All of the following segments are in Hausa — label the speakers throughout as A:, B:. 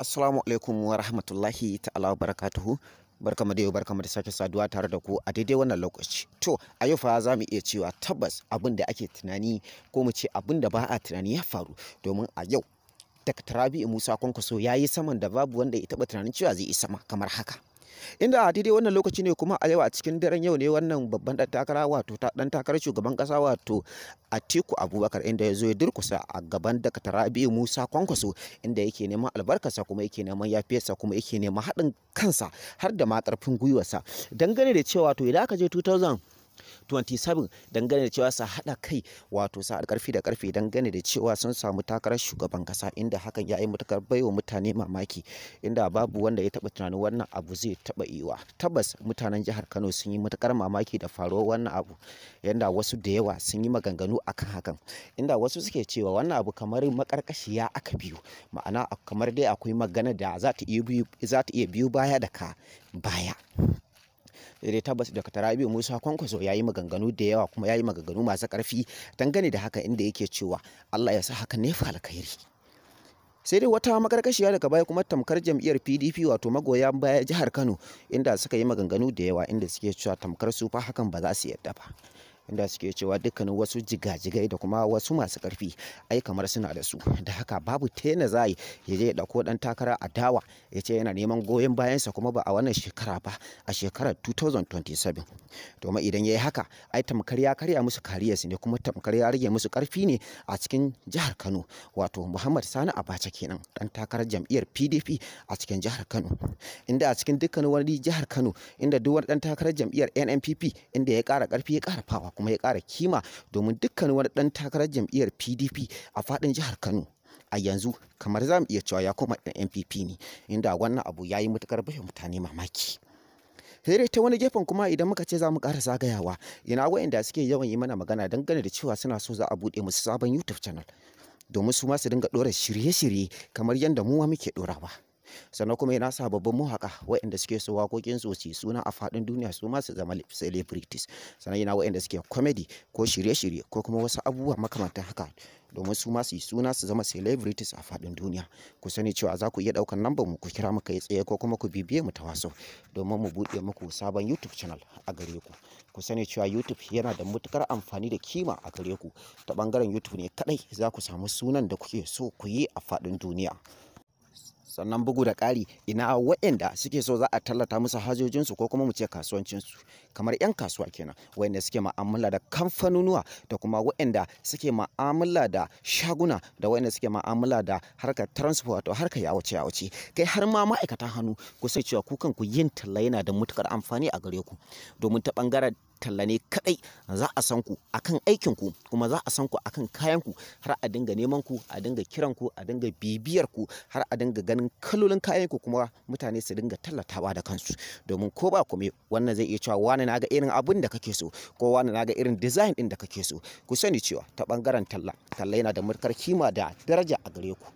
A: Assalamu alaikum wa rahmatullahi ta'ala wa barakatuhu. Barkamu da yau barkamu da sake saduwa tare da ku a daidai wannan lokaci. To, a yau fa za mu iya cewa tabbas abin da ake tunani ko mu ce abin da ba a tunani ya faru domin a yau Dr. Rabi'u Musa Kwankwaso ya yi saman da babu wanda ya taɓa tunanin cewa zai yi sama kamar haka. inda a daidai wannan lokaci ne kuma a yau a cikin daren yau ne wannan babban dan takara wato dan takarar shugaban kasa wato Atiku Abubakar inda ya zo ya durkusa a gaban dakatara biyu Musa Kwankwaso inda yake neman albarkarsa kuma yake neman yafiyarsa kuma yake neman haɗin kansa har da ma ƙarfin gwiwarsa dangane da cewa to idan aka je 2000 27 dangane da cewa su hada kai wato su karfi da karfi dangane da cewa sun samu takarar shugaban kasa inda hakan ya yi mutakar baiwa mutane mamaki inda babu wanda ya taba tunanin wannan abu zai taba iwa tabbas mutanen jihar Kano sun yi mutakar mamaki da faruwar wannan abu yanda wasu da yawa sun yi maganganu akan hakan inda wasu suke cewa wannan abu kamar makarkashiya aka biyu ma'ana kamar dai akwai magana da za ta iya biyu baya da ka baya dai tabbas da Rabi'u Musa Kwankwaso ya yi maganganu da yawa kuma ya yi maganganu masu karfi dangane da haka inda yake cewa Allah ya sa haka ne fa alkhairi sai dai wata makarkashiya daga baya kuma tamkar jam'iyyar pdp wato magoya baya jihar kano inda suka yi maganganu da yawa inda suke cewa tamkar su fa hakan ba za su yadda ba inda suke cewa dukkanin wasu jigajigai da kuma wasu masu karfi ai kamar suna da su da haka babu tena zai ya je ya dauko dan takara a dawa ya ce yana neman goyon bayansa kuma ba a wannan shekara ba a shekarar 2027 domin idan ya yi haka ai tamkar ya karya musu kariyarsu ne kuma tamkar ya rage musu karfi ne a cikin jihar Kano wato Muhammad Sani Abacha kenan dan takarar jam'iyyar PDP a cikin jihar Kano inda a cikin dukkanin wani jihar Kano inda duk wani dan takarar jam'iyyar NNPP inda ya ƙara karfi ya ƙara fawa kuma ya ƙara kima domin dukkan wani ɗan takarar jam'iyyar pdp a faɗin jihar kano a yanzu kamar za mu iya cewa ya koma ɗan npp ne inda wannan abu ya yi matuƙar bai mutane mamaki sai ta wani gefen kuma idan muka ce za mu ƙara zagayawa ina wa'inda suke yawan yi mana magana dangane da cewa suna so za a buɗe musu sabon youtube channel domin su ma su dinga dora shirye-shirye kamar yadda mu ma muke ɗorawa. sannan kuma yana sababbin muhaka waɗanda suke so waƙoƙin su suna a faɗin duniya su ma su zama celebrities sannan yana waɗanda suke comedy ko shirye-shirye ko kuma wasu abubuwa makamantan haka domin su ma su yi suna su zama celebrities a faɗin duniya ku sani cewa za ku iya ɗaukar lambar mu ku kira mu kai tsaye ko kuma ku bibiye mu ta waso domin mu buɗe muku sabon YouTube channel a gare ku ku sani cewa YouTube yana da matukar amfani da kima a gare ku ta bangaren YouTube ne kadai za ku samu sunan da kuke so ku yi a faɗin duniya sannan bugu da ƙari ina waɗanda suke so za a tallata musu hajojinsu ko kuma mu ce kasuwancinsu kamar 'yan kasuwa kenan waɗanda suke ma'amala da kamfanunuwa da kuma waɗanda suke ma'amala da shaguna da waɗanda suke ma'amala da harkar transport wato harkar yawace yawace kai har ma ma'aikatan hannu ku sai cewa ku kanku yin talla da mutukar amfani a gare ku domin ta ɓangaren talla ne kadai za a san ku akan aikin ku kuma za a san ku akan kayan ku har a dinga neman ku a dinga kiran ku a dinga bibiyar ku har a dinga ganin kalolin kayan ku kuma mutane su dinga tallatawa da kansu domin ko ba kome wannan zai iya cewa wani naga irin abin da kake so ko wani naga irin design din da kake so ku sani cewa ta bangaren talla talla yana da matukar kima da daraja a gare ku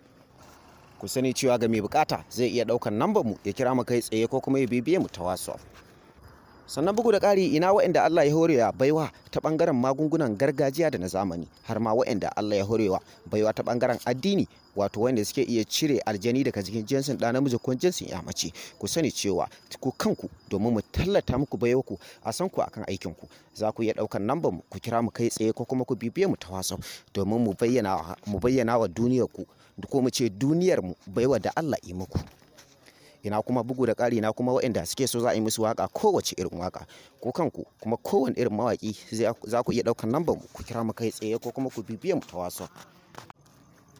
A: ku sani cewa ga mai bukata zai iya daukan nambar mu ya kira mu kai tsaye ko kuma ya bibiye mu ta WhatsApp sannan bugu da ƙari ina wa'inda Allah ya horewa baiwa ta ɓangaren magungunan gargajiya da na zamani har ma wa'inda Allah ya horewa baiwa ta ɓangaren addini wato wanda suke iya cire aljani daga cikin jinsin ɗa namiji ko jinsin ya mace ku sani cewa ku kanku domin mu tallata muku baiwa ku a san ku akan aikin ku za ku iya ɗaukar namba mu ku kira mu kai tsaye ko kuma ku bibiye mu ta WhatsApp domin bayyana mu bayyana wa duniyar ku ko mu ce duniyar mu baiwa da Allah yi muku ina kuma bugu da ƙari ina kuma waɗanda suke so za a yi musu waka kowace irin waka ko kanku kuma kowane irin mawaki za ku iya ɗaukar lambar ku kira mu kai tsaye ko kuma ku bibiya mu ta wasu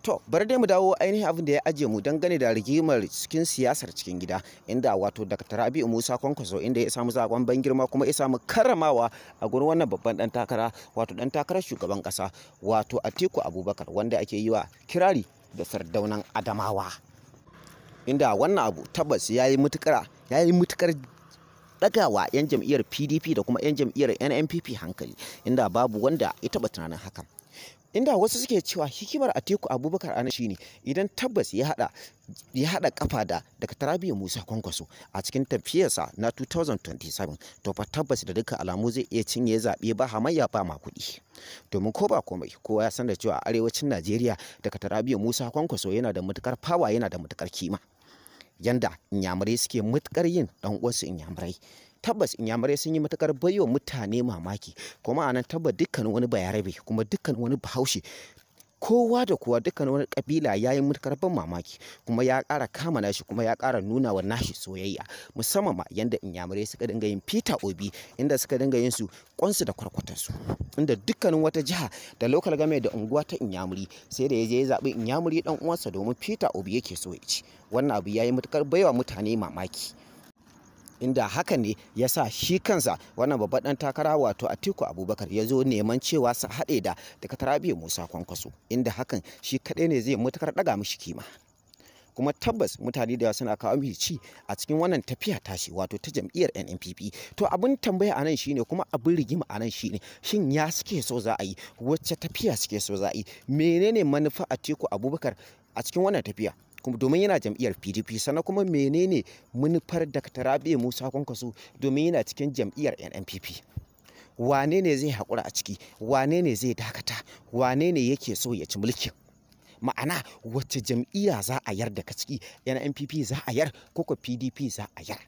A: to bari dai mu dawo ainihin abin da ya ajiye mu don dangane da rigimar cikin siyasar cikin gida inda wato dr rabi'u musa kwankwaso inda ya samu zagon ban girma kuma ya samu karramawa a gurin wannan babban dan takara wato dan takarar shugaban kasa wato atiku abubakar wanda ake yi wa kirari da sardaunan adamawa inda wannan abu tabbas ya yi mutukar ya ɗagawa 'yan jam'iyyar pdp da kuma 'yan jam'iyyar nnpp hankali inda babu wanda ya taɓa tunanin hakan inda wasu suke cewa hikimar atiku abubakar ana ne idan tabbas ya hada kafa da daga tarabiya musa kwankwaso a cikin tafiyarsa na 2027 to fa tabbas da duka alamu zai iya cinye zaɓe ba hamayya ba ma kuɗi domin ko ba komai kowa ya san da cewa a arewacin najeriya daga tarabiya musa kwankwaso yana da matukar fawa yana da matukar kima yanda inyamurai suke matukar yin dan uwansu inyamurai tabbas inyamurai sun yi matukar baiwa mutane mamaki kuma anan tabbas dukkan wani bayarabe kuma dukkan wani bahaushe kowa da kowa dukkan wani kabila ya yi matukar ban mamaki kuma ya ƙara kama nashi kuma ya kara nuna wa nashi soyayya musamman ma yanda inyamurai suka dinga yin peter obi inda suka dinga yin su kwansu da kwarkwatansu inda dukkanin wata jiha da local game da unguwa ta inyamuri sai da ya je ya zaɓi inyamuri dan uwansa domin peter obi yake so ya ci wannan abu ya yi matukar baiwa mutane mamaki inda haka ne ya sa shi kansa wannan babban dan takara wato Atiku Abubakar ya zo neman cewa su haɗe da biyu Musa Kwankwaso inda hakan shi kaɗai ne zai mutakar ɗaga mishi kima. kuma tabbas mutane da suna kawo mishi ci a cikin wannan tafiya tashi wato ta jam'iyyar NNPP to abin tambaya a nan shine kuma abin rigima a nan shine shin ya suke so za a yi wacce tafiya suke so za a yi menene manufa Atiku Abubakar a cikin wannan tafiya kuma domin yana jam'iyyar pdp sannan kuma menene manufar dakta rabe musa kwankwaso domin yana cikin jam'iyyar nnpp wane ne zai haƙura a ciki wane ne zai dakata wane ne yake so ya ci mulki ma'ana wacce jam'iyya za a yar daga ciki yana npp za a yar koko pdp za a yar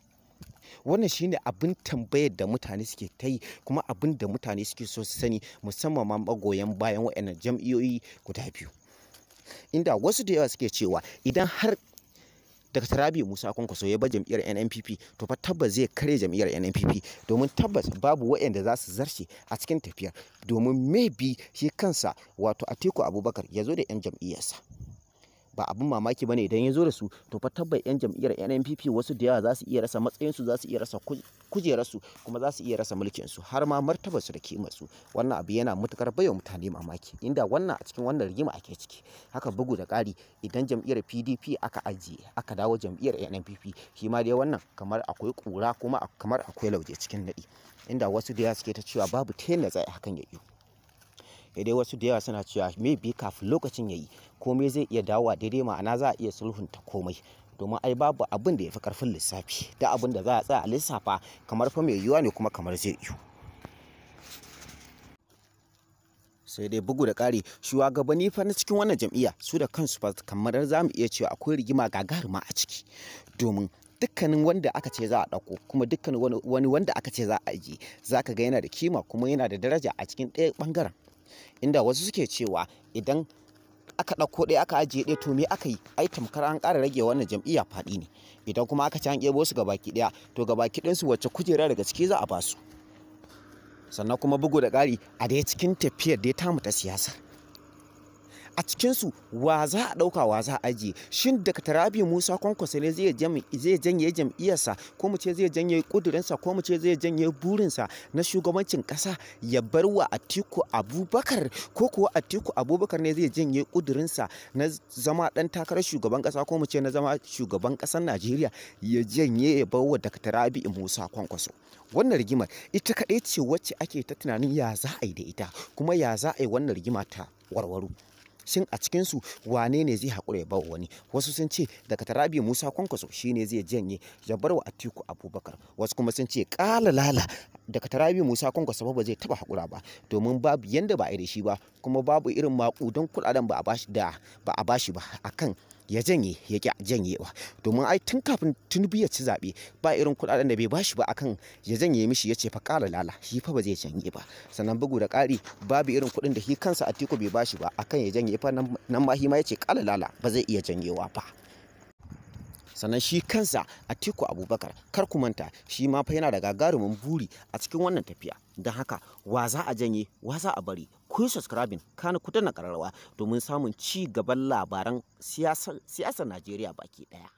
A: wannan shine abin tambayar da mutane suke ta yi kuma abin da mutane suke so su sani musamman ma magoyan bayan waɗannan jam'iyyoyi guda biyu inda wasu da yawa suke cewa idan har daga tarabi musa kwankwaso ya ba jam'iyyar nnpp to fa tabbas zai kare jam'iyyar nnpp domin tabbas babu waɗanda za su zarce a cikin tafiyar domin maybe shi kansa wato atiku abubakar ya zo da 'yan jam'iyyarsa ba abin mamaki bane idan ya zo da su to fa tabbai yan jam'iyyar NNPP wasu da yawa za su iya rasa matsayin su za su iya rasa su kuma za su iya rasa mulkin su har ma su da su wannan abu yana matukar baiwa mutane mamaki inda wannan a cikin wannan rigima ake ciki haka bugu da ƙari idan jam'iyyar PDP aka ajiye aka dawo jam'iyyar NNPP shi ma dai wannan kamar akwai kura kuma kamar akwai lauje cikin naɗi inda wasu da yawa suke ta cewa babu ta yadda za a hakan ya yiwu dai wasu da yawa suna cewa me bi kafin lokacin ya yi komai zai iya dawowa daidai ma'ana za a iya sulhunta komai domin ai babu abin da ya fi karfin lissafi da abin da za a tsaya a lissafa kamar fa mai yiwuwa ne kuma kamar zai yiwu sai dai bugu da ƙari shugabanni fa na cikin wannan jam'iyya su da kansu fa kamar za mu iya cewa akwai rigima gagaruma a ciki domin dukkanin wanda aka ce za a ɗauko kuma dukkanin wani wanda aka ce za a yi za ka ga yana da kima kuma yana da daraja a cikin ɗaya ɓangaren inda wasu suke cewa idan aka ɗauko ɗaya aka ajiye ɗaya to me aka yi ai tamkar an ƙara rage wannan jam'iyya faɗi ne idan kuma aka ci an ƙebo su gabaki ɗaya to gabaki ɗansu wacce kujera daga ciki za a ba su sannan kuma bugu da ƙari a dai cikin tafiyar dai tamu ta siyasar a cikinsu wa za a ɗauka wa za a ajiye shin daga tarabi musa kwankwaso ne zai janye jam'iyyarsa ko mu ce zai janye ƙudurinsa ko mu ce zai janye burinsa na shugabancin ƙasa ya bar wa atiku abubakar ko kuwa atiku abubakar ne zai janye ƙudurinsa na zama ɗan takarar shugaban ƙasa ko mu ce na zama shugaban ƙasar najeriya ya janye ya bar wa daga tarabi musa kwankwaso wannan rigimar ita kaɗai ce wacce ake ta tunanin ya za a yi da ita kuma ya za a yi wannan rigima ta warwaro shin a cikin su wane ne zai haƙura ya ba wani wasu sun ce daga tarabi Musa Kwankwaso shine zai janye jabarwa Atiku Abubakar wasu kuma sun ce kala lala daga tarabi musa kwankwasa ba zai taba haƙura ba domin babu yanda ba a yi da shi ba kuma babu irin maƙudan kuɗaɗen ba a bashi shi ba a kan ya janye ya ƙi ba domin ai tun kafin tunubi ya ci zaɓe ba irin kuɗaɗen da bai shi ba akan ya janye mishi ya ce fa ƙara lala shi fa ba zai janye ba sannan bugu da ƙari babu irin kuɗin da shi kansa atiku bai shi ba akan ya janye fa nan ma shi ma ya ce ƙara lala ba zai iya janyewa ba sannan shi kansa Atiku Abubakar kar ku manta shi ma fa yana da gagarumin buri a cikin wannan tafiya don haka wa za a janye wa za a bari ku yi subscribing kana ku na kararrawa domin samun ci gaban labaran siyasar Najeriya baki daya